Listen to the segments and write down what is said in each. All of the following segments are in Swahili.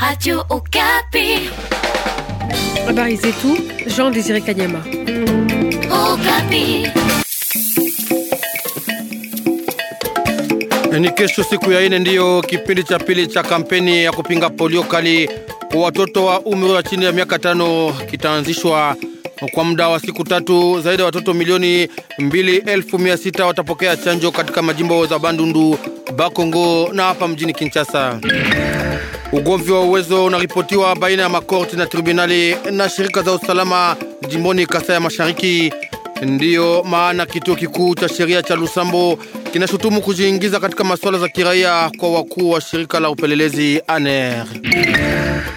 Radio Okapi. Habari zetu Jean Désiré Kanyama. Okapi. Ni kesho siku ya ine ndiyo kipindi cha pili cha kampeni ya kupinga polio kali kwa watoto wa umri wa chini ya miaka tano kitaanzishwa kwa muda wa siku tatu. Zaidi ya watoto milioni mbili elfu mia sita watapokea chanjo katika majimbo za Bandundu, Bakongo na hapa mjini Kinshasa. Ugomvi wa uwezo unaripotiwa baina ya makorti na tribunali na shirika za usalama jimboni Kasai ya Mashariki. Ndiyo maana kituo kikuu cha sheria cha Lusambo kinashutumu kujiingiza katika masuala za kiraia kwa wakuu wa shirika la upelelezi aner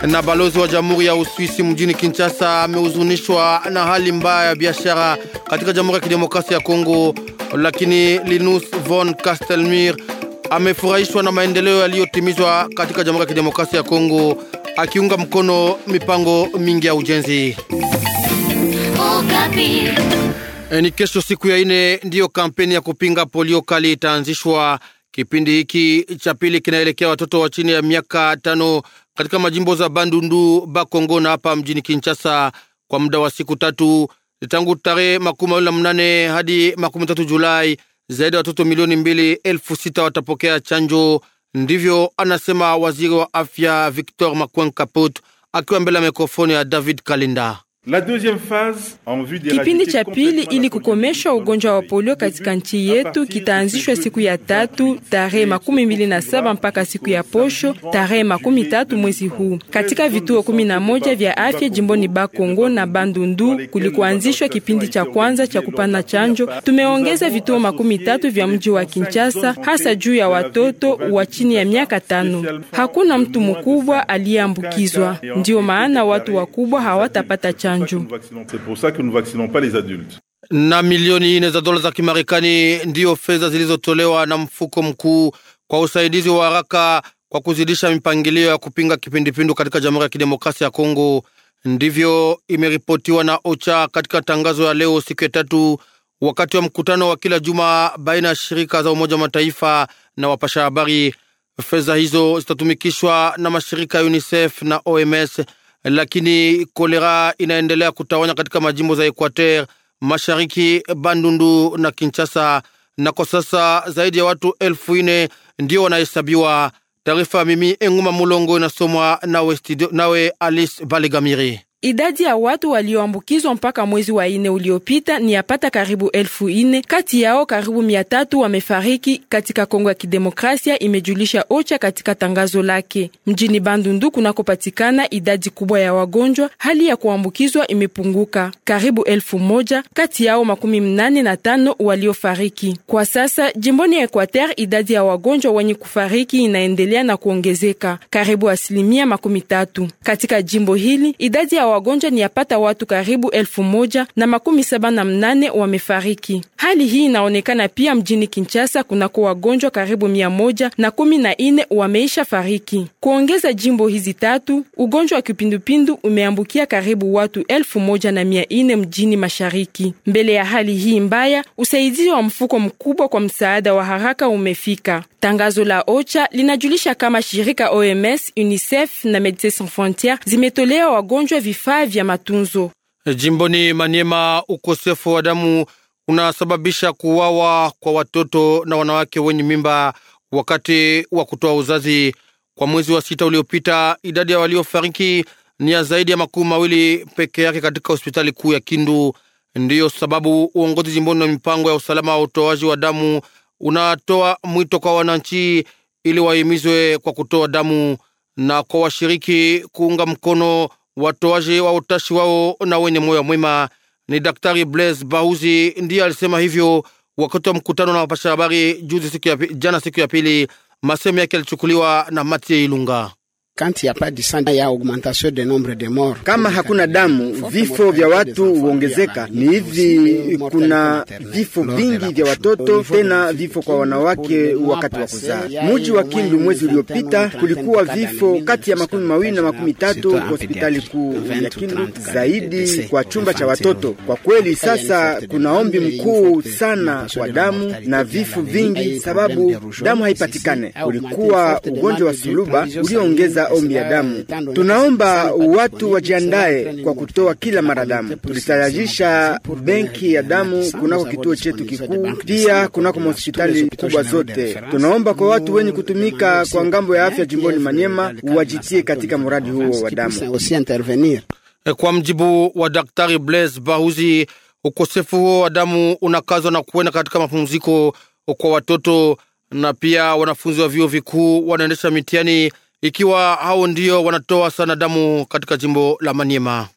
Na balozi wa Jamhuri ya Uswisi mjini Kinshasa amehuzunishwa na hali mbaya ya biashara katika Jamhuri ya Kidemokrasia ya Kongo, lakini Linus von castelmir amefurahishwa na maendeleo yaliyotimizwa katika Jamhuri ya Kidemokrasia ya Kongo, akiunga mkono mipango mingi ya ujenzi. E, ni kesho siku ya ine ndiyo kampeni ya kupinga polio kali itaanzishwa. Kipindi hiki cha pili kinaelekea watoto wa chini ya miaka tano katika majimbo za Bandundu, Bakongo na hapa mjini Kinshasa kwa muda wa siku tatu tangu tarehe makumi mawili na mnane hadi makumi tatu Julai zaidi ya watoto milioni mbili elfu sita watapokea chanjo. Ndivyo anasema waziri wa afya Victor Macwen Kaput akiwa mbele ya mikrofoni ya David Kalinda. La deuxième phase, en vue de kipindi cha pili ili kukomesha ugonjwa wa polio katika nchi yetu kitaanzishwa siku ya tatu tarehe makumi mbili na saba mpaka siku ya posho tarehe makumi tatu mwezi huu katika vituo kumi na moja vya afya jimboni Bakongo na Bandundu. Kulikuanzishwa kipindi cha kwanza cha kupana chanjo. Tumeongeza vituo makumi tatu vya mji wa Kinshasa, hasa juu ya watoto wa chini ya miaka tano. Hakuna mtu mkubwa aliyeambukizwa, ndiyo maana watu wakubwa hawatapata chanjo chanjo. Na milioni nne za dola za Kimarekani ndiyo fedha zilizotolewa na mfuko mkuu kwa usaidizi wa haraka kwa kuzidisha mipangilio ya kupinga kipindupindu katika Jamhuri ya Kidemokrasia ya Kongo. Ndivyo imeripotiwa na OCHA katika tangazo ya leo siku ya tatu, wakati wa mkutano wa kila juma baina ya shirika za Umoja wa Mataifa na wapasha habari. Fedha hizo zitatumikishwa na mashirika ya UNICEF na OMS lakini kolera inaendelea kutawanya katika majimbo za Equateur, Mashariki, Bandundu na Kinshasa, na kwa sasa zaidi ya watu elfu ine ndio wanahesabiwa. Taarifa mimi Enguma Mulongo inasomwa nawe, nawe Alice Baligamiri. Idadi ya watu walioambukizwa mpaka mwezi wa ine uliopita ni yapata karibu elfu ine. Kati yao karibu mia tatu wamefariki katika Kongo ya Kidemokrasia, imejulisha OCHA katika tangazo lake. Mjini Bandundu kunakopatikana idadi kubwa ya wagonjwa, hali ya kuambukizwa imepunguka karibu elfu moja, kati yao makumi mnane na tano waliofariki kwa sasa. Jimboni ya Equateur, idadi ya wagonjwa wenye kufariki inaendelea na kuongezeka karibu asilimia makumi tatu katika jimbo hili. Idadi ya wagonjwa ni yapata watu karibu elfu moja na makumi saba na mnane wamefariki. Hali hii inaonekana pia mjini Kinshasa kunako wagonjwa karibu mia moja na kumi na ine wameisha fariki. Kuongeza jimbo hizi tatu, ugonjwa wa kipindupindu umeambukia karibu watu elfu moja na mia ine mjini mashariki. Mbele ya hali hii mbaya, usaidizi wa mfuko mkubwa kwa msaada wa haraka umefika. Tangazo la OCHA linajulisha kama shirika OMS, UNICEF na Medecins Sans Frontieres zimetolea wagonjwa vifaa vifaa vya matunzo. Jimboni Maniema, ukosefu wa damu unasababisha kuwawa kwa watoto na wanawake wenye mimba wakati wa kutoa uzazi. Kwa mwezi wa sita uliopita, idadi ya waliofariki ni ya zaidi ya makumi mawili peke yake katika hospitali kuu ya Kindu. Ndiyo sababu uongozi jimboni na mipango ya usalama wa utoaji wa damu unatoa mwito kwa wananchi ili wahimizwe kwa kutoa damu na kwa washiriki kuunga mkono watoaji wa utashi wao na wenye moyo mwema. Ni Daktari Blaise Bauzi ndiye alisema hivyo wakati wa mkutano na wapasha habari juzi siku ya, jana siku ya pili. Masemo yake yalichukuliwa na Mathieu Ilunga. Kama hakuna damu, vifo vya watu huongezeka. Ni hivi, kuna vifo vingi vya watoto, tena vifo kwa wanawake wakati wa kuzaa. Muji wa Kindu mwezi uliopita kulikuwa vifo kati ya makumi mawili na makumi tatu kwa hospitali kuu ya Kindu, zaidi kwa chumba cha watoto. Kwa kweli, sasa kuna ombi mkuu sana kwa damu na vifo vingi, sababu damu haipatikane. Kulikuwa ugonjwa wa suluba ulioongeza ombi ya damu. Tunaomba watu wajiandae kwa kutoa kila mara damu. Tulitayarisha benki ya damu kunako kituo chetu kikuu, pia kunako mahospitali kubwa zote. Tunaomba kwa watu wenye kutumika kwa ngambo ya afya jimboni Manyema wajitie katika mradi huo wa damu. Eh, kwa mjibu wa Daktari Blaise Bahuzi, ukosefu huo wa damu unakazwa na kuenda katika mapumziko kwa watoto na pia wanafunzi wa vyuo vikuu wanaendesha mitihani ikiwa hao ndio wanatoa sana damu katika jimbo la Maniema.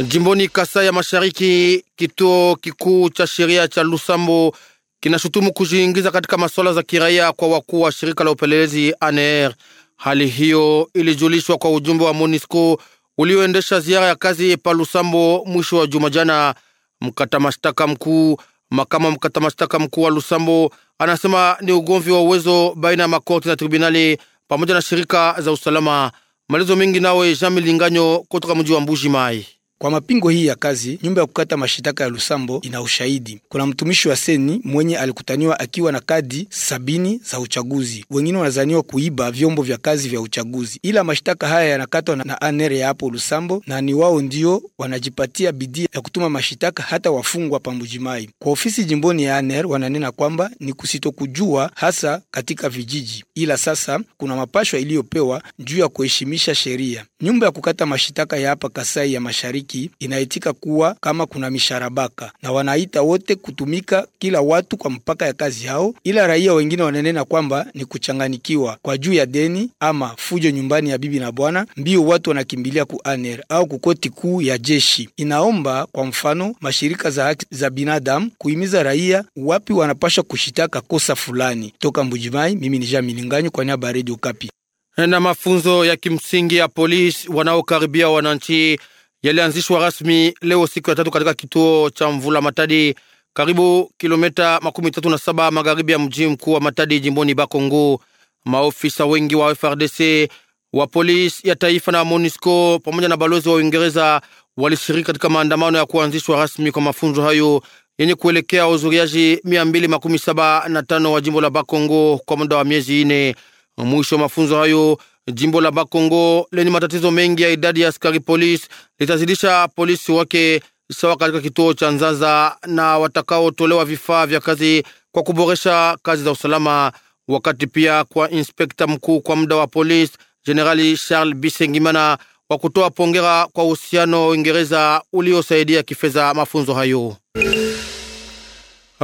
Jimboni Kasai ya Mashariki, kituo kikuu cha sheria cha Lusambo kinashutumu kujiingiza katika masuala za kiraia kwa wakuu wa shirika la upelelezi ANR. Hali hiyo ilijulishwa kwa ujumbe wa MONUSCO ulioendesha ziara ya kazi pa Lusambo mwisho wa juma jana. Mkata mashtaka mkuu, makama mkata mashtaka mkuu wa Lusambo anasema ni ugomvi wa uwezo baina ya makorti na tribunali pamoja na shirika za usalama. Malizo mengi nawe Jean Milinganyo kutoka mji wa Mbuji Mai. Kwa mapingo hii ya kazi, nyumba ya kukata mashitaka ya Lusambo ina ushahidi. Kuna mtumishi wa seni mwenye alikutaniwa akiwa na kadi sabini za uchaguzi. Wengine wanazaniwa kuiba vyombo vya kazi vya uchaguzi, ila mashitaka haya yanakatwa na anere ya hapo Lusambo, na ni wao ndio wanajipatia bidii ya kutuma mashitaka hata wafungwa Pambujimai. Kwa ofisi jimboni ya aner wananena kwamba ni kusitokujua hasa katika vijiji, ila sasa kuna mapashwa iliyopewa juu ya kuheshimisha sheria. Nyumba ya kukata mashitaka ya hapa Kasai ya mashariki mashariki inaitika kuwa kama kuna misharabaka na wanaita wote kutumika kila watu kwa mpaka ya kazi yao, ila raia wengine wananena kwamba ni kuchanganikiwa kwa juu ya deni ama fujo nyumbani ya bibi na bwana, mbio watu wanakimbilia ku aner au kukoti kuu ya jeshi. Inaomba kwa mfano mashirika za haki za binadamu kuhimiza raia wapi wanapaswa kushitaka kosa fulani. Toka Mbujimai, mimi ni Jean Milinganyo kwa niaba ya Radio Kapi. Na mafunzo ya kimsingi ya polisi wanaokaribia wananchi yalianzishwa rasmi leo siku ya tatu katika kituo cha Mvula Matadi, karibu kilomita makumi tatu na saba magharibi ya mji mkuu wa Matadi, jimboni Bakongo. Maofisa wengi wa FRDC wa polisi ya taifa na MONUSCO pamoja na balozi wa Uingereza walishiriki katika maandamano ya kuanzishwa rasmi kwa mafunzo hayo yenye kuelekea wahudhuriaji mia mbili makumi saba na tano wa jimbo la Bakongo kwa muda wa miezi ine. Mwisho wa mafunzo hayo, jimbo la Bakongo lenye matatizo mengi ya idadi ya askari polisi litazidisha polisi wake sawa katika kituo cha Nzaza na watakaotolewa vifaa vya kazi kwa kuboresha kazi za usalama, wakati pia kwa inspekta mkuu kwa muda wa polisi Generali Charles Bisengimana wa kutoa pongera kwa uhusiano wa Uingereza uliosaidia kifedha mafunzo hayo.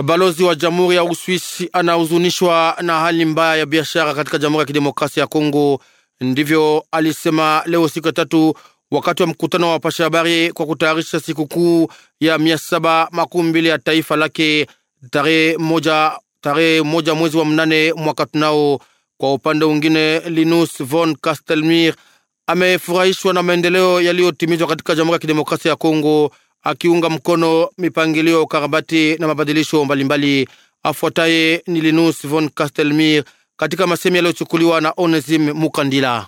Balozi wa Jamhuri ya Uswisi anahuzunishwa na hali mbaya ya biashara katika Jamhuri ya Kidemokrasia ya Kongo, ndivyo alisema leo siku ya tatu wakati wa mkutano wa pasha habari kwa kutayarisha sikukuu ya mia saba makumi mbili ya taifa lake tarehe moja, tarehe moja mwezi wa mnane mwaka tunao. Kwa upande mwingine, Linus von Castelmir amefurahishwa na maendeleo yaliyotimizwa katika Jamhuri ya Kidemokrasia ya Kongo, akiunga mkono mipangilio ya ukarabati na mabadilisho mbalimbali. Afuataye ni Linus von Castelmir katika masemi yaliyochukuliwa na Onesim Mukandila.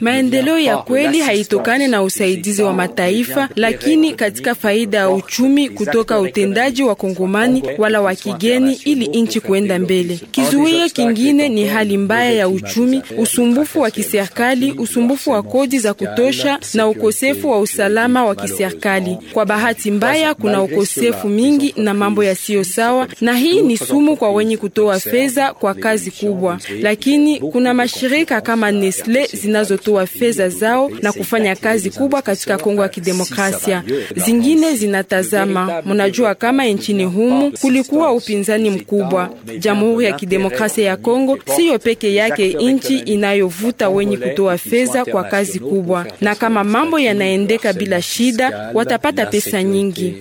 Maendeleo ya kweli haitokani na usaidizi wa mataifa, lakini katika faida ya uchumi kutoka utendaji wa Kongomani wala wa kigeni, ili nchi kuenda mbele. Kizuio kingine ni hali mbaya ya uchumi, usumbufu wa kiserikali, usumbufu wa kodi za kutosha na ukosefu wa usalama wa kiserikali. Kwa bahati mbaya, kuna ukosefu mingi na mambo yasiyo sawa, na hii ni sumu kwa wenye kutoa fedha kwa kazi kubwa, lakini kuna mashirika kuonyesha kama Nestle zinazotoa fedha zao na kufanya kazi kubwa katika Kongo ya Kidemokrasia, zingine zinatazama. Mnajua kama nchini humu kulikuwa upinzani mkubwa. Jamhuri ya Kidemokrasia ya Kongo siyo peke yake nchi inayovuta wenye kutoa fedha kwa kazi kubwa, na kama mambo yanaendeka bila shida, watapata pesa nyingi.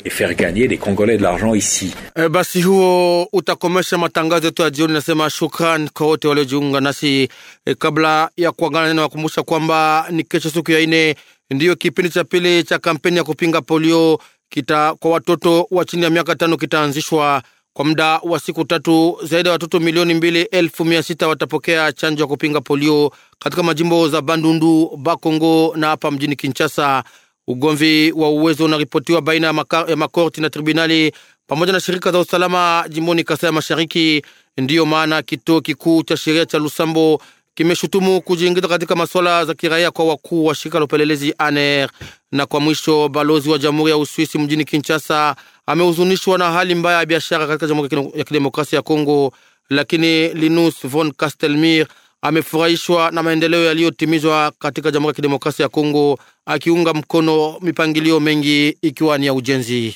E, basi huo utakomesha matangazo yetu ya jioni. Nasema shukran kwa wote waliojiunga nasi e, kabla kabla ya kuangana neno wakumbusha kwamba ni kesho siku ya ine ndiyo kipindi cha pili cha kampeni ya kupinga polio kita kwa watoto wa chini ya miaka tano kitaanzishwa kwa muda wa siku tatu. Zaidi ya watoto milioni mbili elfu mia sita watapokea chanjo ya kupinga polio katika majimbo za Bandundu, Bakongo na hapa mjini Kinshasa. Ugomvi wa uwezo unaripotiwa baina ya makorti na tribunali pamoja na shirika za usalama jimboni Kasai ya Mashariki. Ndiyo maana kituo kikuu cha sheria cha Lusambo kimeshutumu kujiingiza katika masuala za kiraia kwa wakuu wa shirika la upelelezi ANR. Na kwa mwisho, balozi wa Jamhuri ya Uswisi mjini Kinshasa amehuzunishwa na hali mbaya ya biashara katika Jamhuri ya Kidemokrasia ya Kongo, lakini Linus von Castelmir amefurahishwa na maendeleo yaliyotimizwa katika Jamhuri ya Kidemokrasia ya Kongo, akiunga mkono mipangilio mengi ikiwa ni ya ujenzi.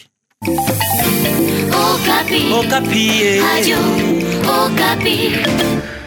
Okapi. Okapi. Eh. Okapi.